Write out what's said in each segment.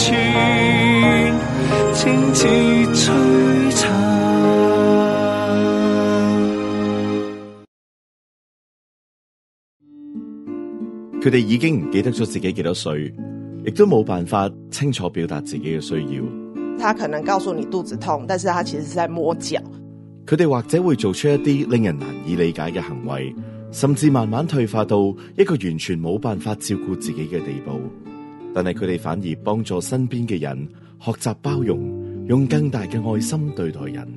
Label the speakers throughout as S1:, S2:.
S1: 佢哋已經唔記得咗自己幾多歲，亦都冇辦法清楚表達自己嘅需要。
S2: 他可能告訴你肚子痛，但是他其實是在摸腳。
S1: 佢哋或者會做出一啲令人難以理解嘅行為，甚至慢慢退化到一個完全冇辦法照顧自己嘅地步。但係佢哋反而幫助身邊嘅人學習包容，用更大嘅愛心對待人。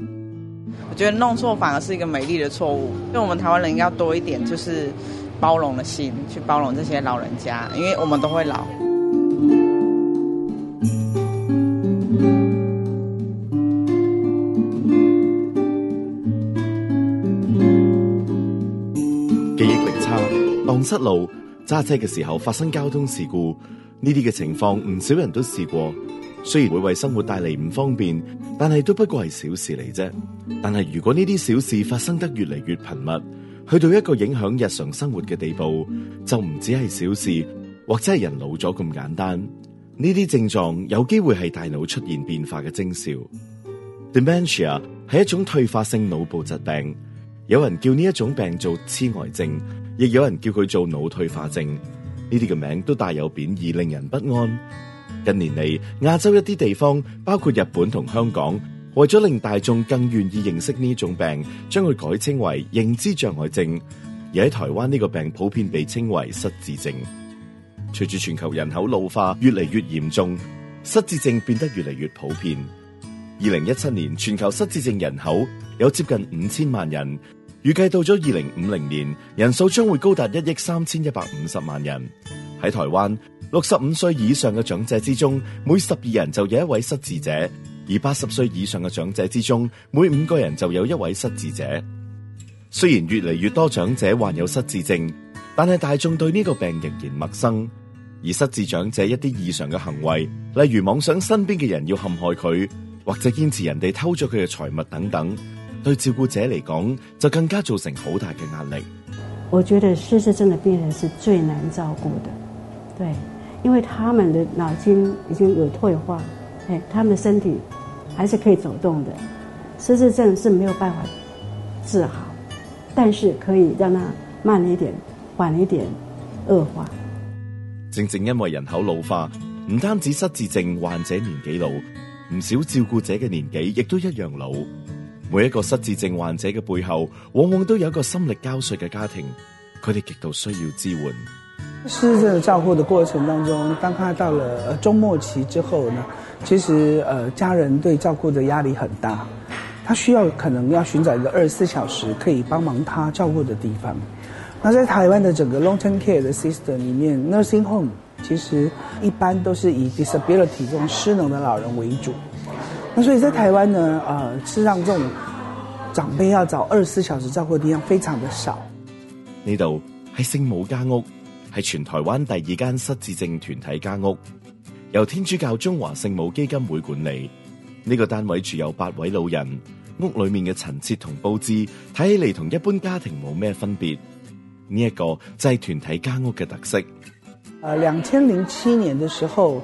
S3: 我覺得弄錯反而是一個美麗的錯誤，因為我們台灣人要多一點，就是包容的心去包容這些老人家，因為我們都會老。
S1: 記憶力差，蕩失路，揸車嘅時候發生交通事故。呢啲嘅情況唔少人都試過，雖然會為生活帶嚟唔方便，但係都不過係小事嚟啫。但係如果呢啲小事發生得越嚟越頻密，去到一個影響日常生活嘅地步，就唔止係小事，或者係人老咗咁簡單。呢啲症狀有機會係大腦出現變化嘅徵兆。Dementia 係一種退化性腦部疾病，有人叫呢一種病做痴呆症，亦有人叫佢做腦退化症。呢啲嘅名都帶有貶義，令人不安。近年嚟，亞洲一啲地方，包括日本同香港，為咗令大眾更願意認識呢種病，將佢改稱為認知障礙症。而喺台灣，呢個病普遍被稱為失智症。隨住全球人口老化越嚟越嚴重，失智症變得越嚟越普遍。二零一七年，全球失智症人口有接近五千萬人。預計到咗二零五零年，人數將會高達一億三千一百五十萬人。喺台灣，六十五歲以上嘅長者之中，每十二人就有一位失智者；而八十歲以上嘅長者之中，每五個人就有一位失智者。雖然越嚟越多長者患有失智症，但係大眾對呢個病仍然陌生。而失智長者一啲異常嘅行為，例如妄想身邊嘅人要陷害佢，或者堅持人哋偷咗佢嘅財物等等。對照顧者嚟講，就更加造成好大嘅壓力。
S4: 我覺得失智症嘅病人是最難照顧的，對，因為他們的腦筋已經有退化，誒，他們身體還是可以走動的。失智症是沒有辦法治好，但是可以讓佢慢一點、緩一點惡化。
S1: 正正因為人口老化，唔單止失智症患者年紀老，唔少照顧者嘅年紀亦都一樣老。每一個失智症患者嘅背後，往往都有一個心力交瘁嘅家庭，佢哋極度需要支援。
S5: 失智症照顧的過程當中，當佢到了終末期之後呢，其實，呃，家人對照顧的壓力很大，他需要可能要尋找一個二十四小時可以幫忙他照顧的地方。那在台灣的整個 long term care 的 system 裏面，nursing home 其實一般都是以 disability，這種失能的老人為主。所以，在台灣呢，誒、呃，是讓這種長輩要找二十四小時照顧的地方，非常的少。
S1: 呢度係聖母家屋，係全台灣第二間失智症團體家屋，由天主教中華聖母基金會管理。呢、這個單位住有八位老人，屋裏面嘅陳設同佈置，睇起嚟同一般家庭冇咩分別。呢、這、一個就係團體家屋嘅特色。
S5: 誒、呃，兩千零七年嘅時候。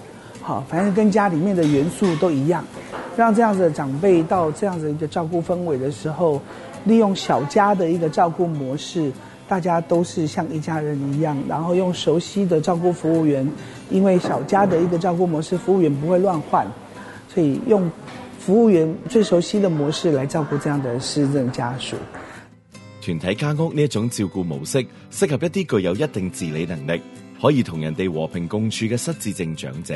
S5: 反正跟家裏面的元素都一樣，讓這樣子長輩到這樣子一個照顧氛圍的時候，利用小家的一個照顧模式，大家都是像一家人一樣，然後用熟悉的照顧服務員，因為小家的一個照顧模式，服務員不會亂換，所以用服務員最熟悉的模式來照顧這樣的失智症家屬。
S1: 團體家屋呢一種照顧模式，適合一啲具有一定自理能力，可以同人哋和平共處嘅失智症長者。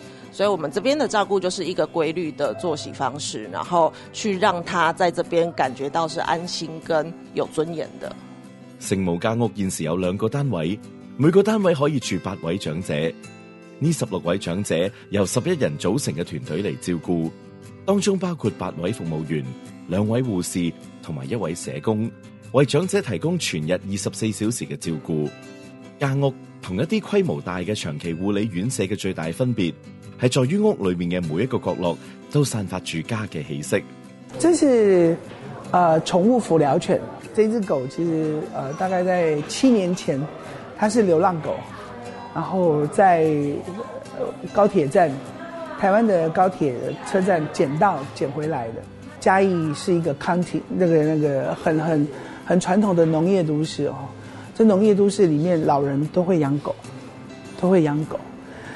S2: 所以我們這邊的照顧就是一個規律的作息方式，然後去讓他在這邊感覺到是安心跟有尊嚴的。
S1: 聖母家屋現時有兩個單位，每個單位可以住八位長者。呢十六位長者由十一人組成嘅團隊嚟照顧，當中包括八位服務員、兩位護士同埋一位社工，為長者提供全日二十四小時嘅照顧。家屋同一啲規模大嘅長期護理院舍嘅最大分別。係在於屋裡面嘅每一個角落都散發住家嘅氣息。
S5: 這是呃寵物輔療犬，這隻狗其實呃大概在七年前，它是流浪狗，然後在高鐵站，台灣的高鐵車站撿到撿回來的。嘉義是一個 county、那個，那個那個很很很傳統的農業都市哦，這農業都市裡面老人都會養狗，都會養狗。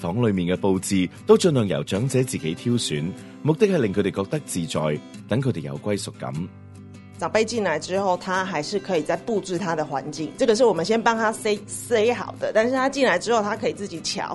S1: 房裏面嘅佈置都盡量由長者自己挑選，目的係令佢哋覺得自在，等佢哋有歸屬感。
S2: 長輩進來之後，他還是可以再佈置他的環境，這個是我們先幫他塞好的，但是他進來之後，他可以自己喬。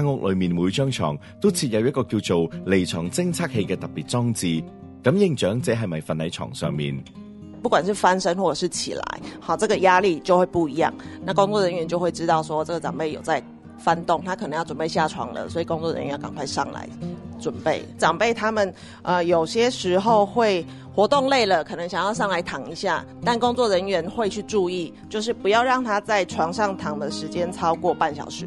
S1: 間屋裏面每張床都設有一個叫做離床偵測器嘅特別裝置，感應長者係咪瞓喺床上面。
S6: 不
S2: 管是翻身或者是起來，好，這個壓力就會不一樣。那工作人員就會知道說，這個長輩有在翻動，他可能要準備下床了，所以工作人員要趕快上來準備。長輩他們，呃，有些時候會活動累了，可能想要上來躺一下，但工作人員會去注意，就是不要讓他在床上躺的時間超過半小時。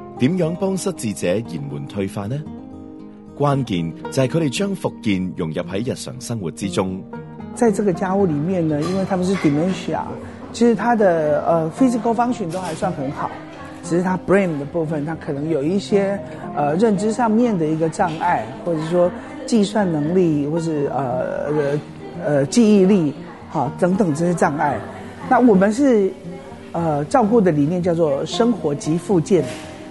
S1: 點樣幫失智者延緩退化呢？關鍵就係佢哋將復健融入喺日常生活之中。
S5: 在這個家屋裏面呢，因為他們是 dementia，其實他的呃 physical function 都還算很好，只是他 brain 的部分，他可能有一些呃認知上面的一個障礙，或者說計算能力，或者是呃呃呃記憶力，好、啊、等等這些障礙。那我們是呃照顧的理念叫做生活及復健。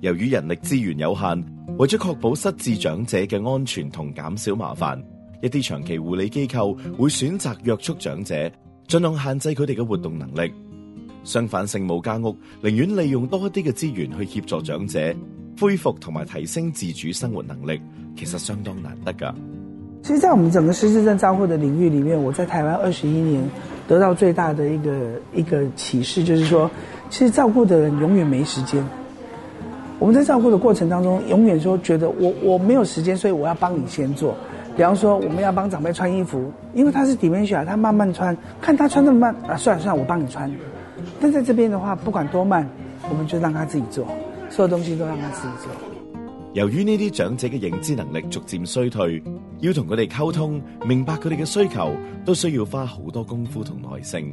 S1: 由於人力資源有限，為咗確保失智長者嘅安全同減少麻煩，一啲長期護理機構會選擇約束長者，盡量限制佢哋嘅活動能力。相反，聖母家屋寧願利用多一啲嘅資源去協助長者恢復同埋提升自主生活能力，其實相當難得㗎。其
S5: 實，在我們整個失智症照顧的領域裏面，我在台灣二十一年得到最大嘅一個一個啟示，就是說，其實照顧的人永遠沒時間。我們在照顧的過程當中，永遠說覺得我我沒有時間，所以我要幫你先做。比方說，我們要幫長輩穿衣服，因為他是 dementia，啊，他慢慢穿，看他穿那麼慢，啊，算了算了，我幫你穿。但在這邊的話，不管多慢，我們就讓他自己做，所有東西都讓他自己做。
S1: 由於呢啲長者嘅認知能力逐漸衰退，要同佢哋溝通，明白佢哋嘅需求，都需要花好多功夫同耐性。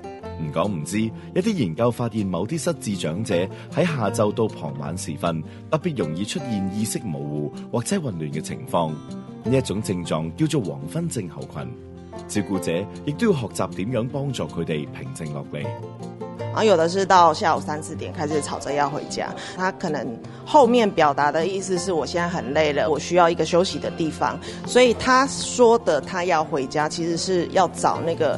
S1: 唔講唔知，一啲研究發現，某啲失智長者喺下晝到傍晚時分，特別容易出現意識模糊或者混亂嘅情況。呢一種症狀叫做黃昏症候群，照顧者亦都要學習點樣幫助佢哋平靜落嚟。
S2: 啊，有的是到下午三四點開始吵着要回家，他可能後面表達的意思是我現在很累了，我需要一個休息的地方。所以他說的他要回家，其實是要找那個。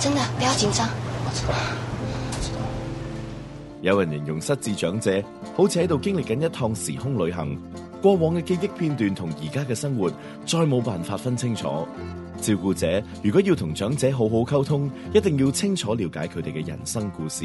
S5: 真
S1: 的，不要緊張。 有人形容失智長者好似喺度經歷緊一趟時空旅行，過往嘅記憶片段同而家嘅生活再冇辦法分清楚。照顧者如果要同長者好好溝通，一定要清楚了解佢哋嘅人生故事。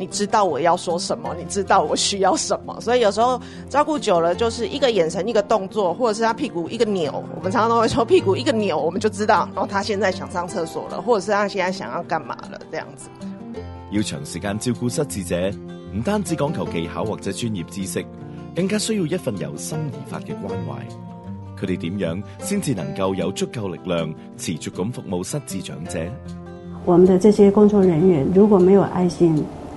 S2: 你知道我要說什麼，你知道我需要什麼，所以有時候照顧久了，就是一個眼神、一個動作，或者是他屁股一個扭，我們常常都會說屁股一個扭，我們就知道，然後，哦，他現在想上廁所了，或者是他現在想要幹嘛
S1: 了，這樣子。要長時間照顧失智者，唔單止講求技巧或者專業知識，更加需要一份由心而發嘅關懷。佢哋點樣先至能夠有足夠力量持續咁服務失智長者？
S4: 我們的這些工作人員如果沒有愛心，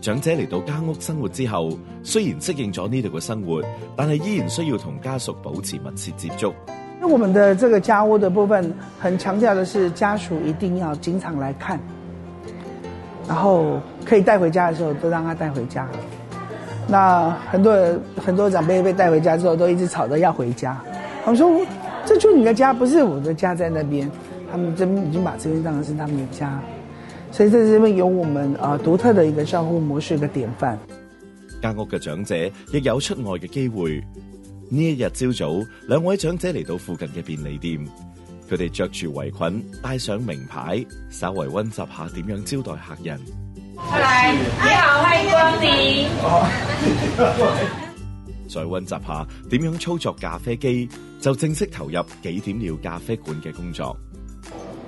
S1: 長者嚟到家屋生活之後，雖然適應咗呢度嘅生活，但係依然需要同家屬保持密切接觸。
S5: 那我們的這個家屋的部分，很強調的是家屬一定要經常來看，然後可以帶回家的時候都讓他帶回家。那很多人很多長輩被帶回家之後，都一直吵着要回家。他們說：這就你的家，不是我的家，在那邊。他們這邊已經把這邊當成是他們的家。所以在這邊有我們啊獨特的一個照顧模式嘅典範。
S1: 間屋嘅長者亦有出外嘅機會。呢一日朝早，兩位長者嚟到附近嘅便利店，佢哋着住圍裙，帶上名牌，稍微溫習下點樣招待客人。
S7: 係 你好，歡迎光臨。
S1: 再溫習下點樣操作咖啡機，就正式投入幾點了咖啡館嘅工作。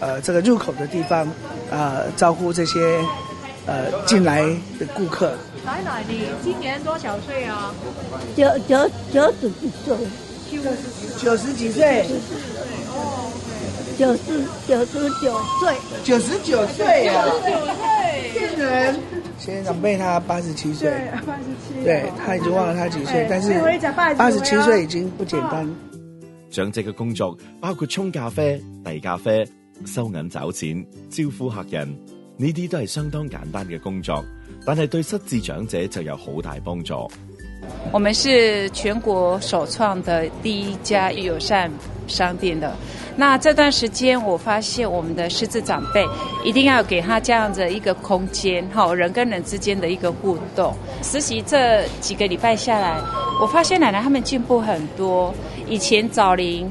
S5: 呃，這個入口的地方，啊、呃，照顧這些，呃，進來的顧客。奶奶你
S6: 今年多少歲啊？
S5: 九九九十幾歲。九十幾歲。九十九十,九十九歲。九十九歲啊。九十九歲。現在。現在長輩
S1: 他八十七
S5: 歲。八十七。對，他已經忘了他幾歲，哎、但是八十七歲已經
S1: 不簡單。長者嘅工作包括沖咖啡、遞咖啡。收銀找錢、招呼客人，呢啲都係相當簡單嘅工作，但係對失智長者就有好大幫助。我們是全國首創
S6: 的第一家友善商店的。那這段時間我發現我們的失智長輩一定要給他這樣子一個空間，好人跟人之間的一個互動。實習這幾個禮拜下來，我發現奶奶他們進步很多。以前早零。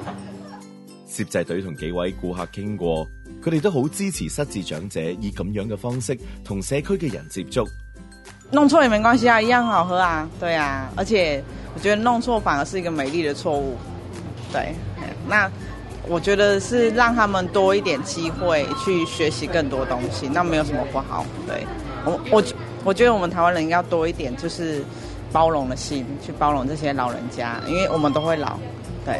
S1: 攝製隊同幾位顧客傾過，佢哋都好支持失智長者以咁樣嘅方式同社區嘅人接觸。
S3: 弄錯也沒關係啊，一樣好喝啊，對啊，而且我覺得弄錯反而是一個美麗的錯誤。對，那我覺得是讓他們多一點機會去學習更多東西，那沒有什麼不好。對，我我我覺得我們台灣人要多一點就是包容的心去包容這些老人家，因為我們都會老。對。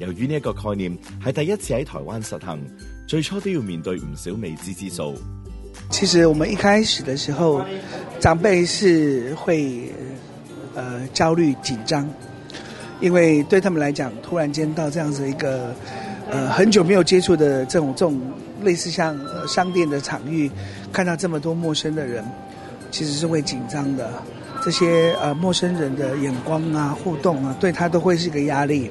S1: 由於呢個概念係第一次喺台灣實行，最初都要面對唔少未知之數。
S5: 其實我們一開始的時候，長輩是會呃焦慮緊張，因為對他們來講，突然間到這樣子一個呃很久沒有接觸的這種這種類似像商店的場域，看到這麼多陌生的人，其實是會緊張的。這些呃陌生人的眼光啊、互動啊，對他都會是一個壓力。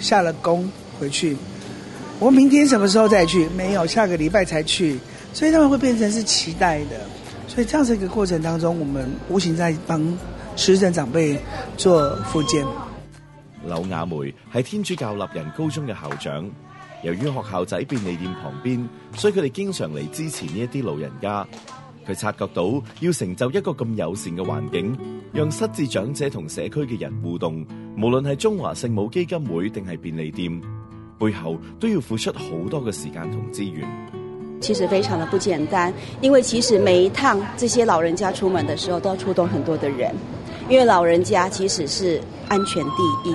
S5: 下了工回去，我明天什麼時候再去？沒有，下個禮拜才去，所以他們會變成是期待的，所以這樣子一個過程當中，我們無形在幫失智長輩
S1: 做復健。柳雅梅係天主教立人高中嘅校長，由於學校仔便利店旁邊，所以佢哋經常嚟支持呢一啲老人家。去察覺到要成就一個咁友善嘅環境，讓失智長者同社區嘅人互動，無論係中華聖母基金會定係便利店，背後都要付出好多嘅時間同資源。
S7: 其實非常的不簡單，因為其實每一趟這些老人家出門的時候，都要觸動很多的人，因為老人家其實是安全第一，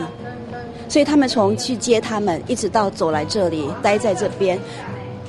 S7: 所以他們從去接他們，一直到走來這裡，待在這邊。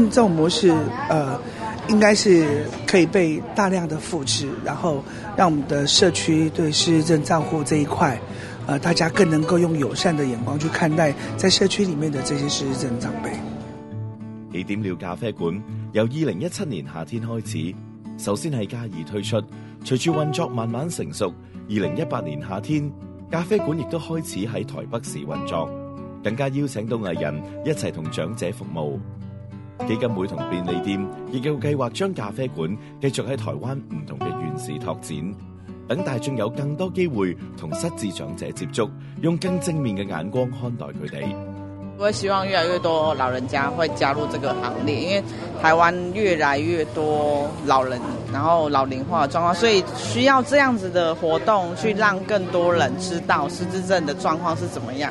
S5: 這種模式，呃，應該是可以被大量的複製，然後讓我們的社區對失智症照顧這一塊，呃，大家更能夠用友善的眼光去看待，在社區裏面的這些失智症長輩。
S1: 起點了咖啡館由二零一七年夏天開始，首先係嘉義推出，隨住運作慢慢成熟，二零一八年夏天，咖啡館亦都開始喺台北市運作，更加邀請到藝人一齊同長者服務。基金會同便利店，亦有計劃將咖啡館繼續喺台灣唔同嘅縣市拓展，等大眾有更多機會同失智長者接觸，用更正面嘅眼光看待佢哋。
S3: 我會希望越來越多老人家會加入這個行列，因為台灣越來越多老人，然後老齡化的狀況，所以需要這樣子的活動去讓更多人知道失智症的狀況是怎麼樣。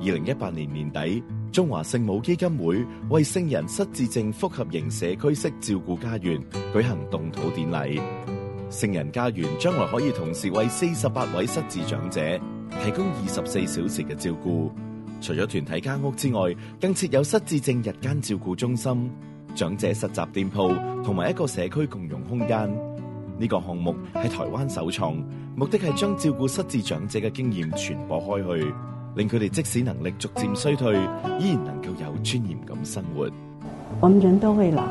S1: 二零一八年年底，中華聖母基金會為聖人失智症複合型社區式照顧家園舉行動土典禮。聖人家園將來可以同時為四十八位失智長者提供二十四小時嘅照顧。除咗團體家屋之外，更設有失智症日間照顧中心、長者實習店鋪同埋一個社區共融空間。呢、這個項目係台灣首創，目的係將照顧失智長者嘅經驗傳播開去。令佢哋即使能力逐漸衰退，依然能夠有尊嚴噉生活。
S4: 我們人都會老，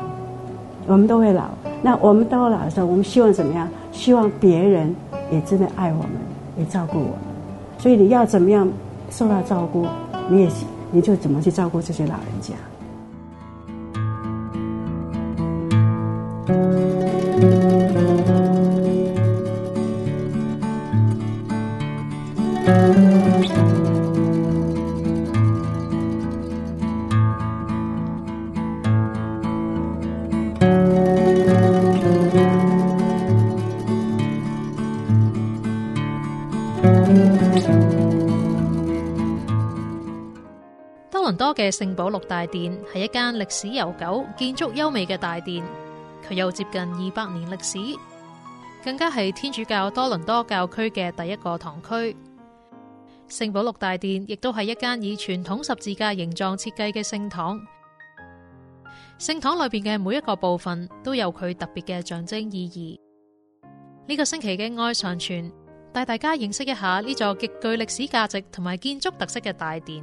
S4: 我們都會老。那我們到老的時候，我們希望怎麼樣？希望別人也真的愛我們，也照顧我們。所以你要怎麼樣受到照顧，你也你就怎麼去照顧這些老人家。
S7: 聖保六大殿係一間歷史悠久、建築優美嘅大殿，佢有接近二百年歷史，更加係天主教多倫多教區嘅第一個堂區。
S2: 聖保六大殿亦都係一間以傳統十字架形狀設計嘅聖堂，聖堂裏邊嘅每一個部分都有佢特別嘅象徵意義。呢、這個星期嘅愛上傳帶大家認識一下呢座極具歷史價值同埋建築特色嘅大殿。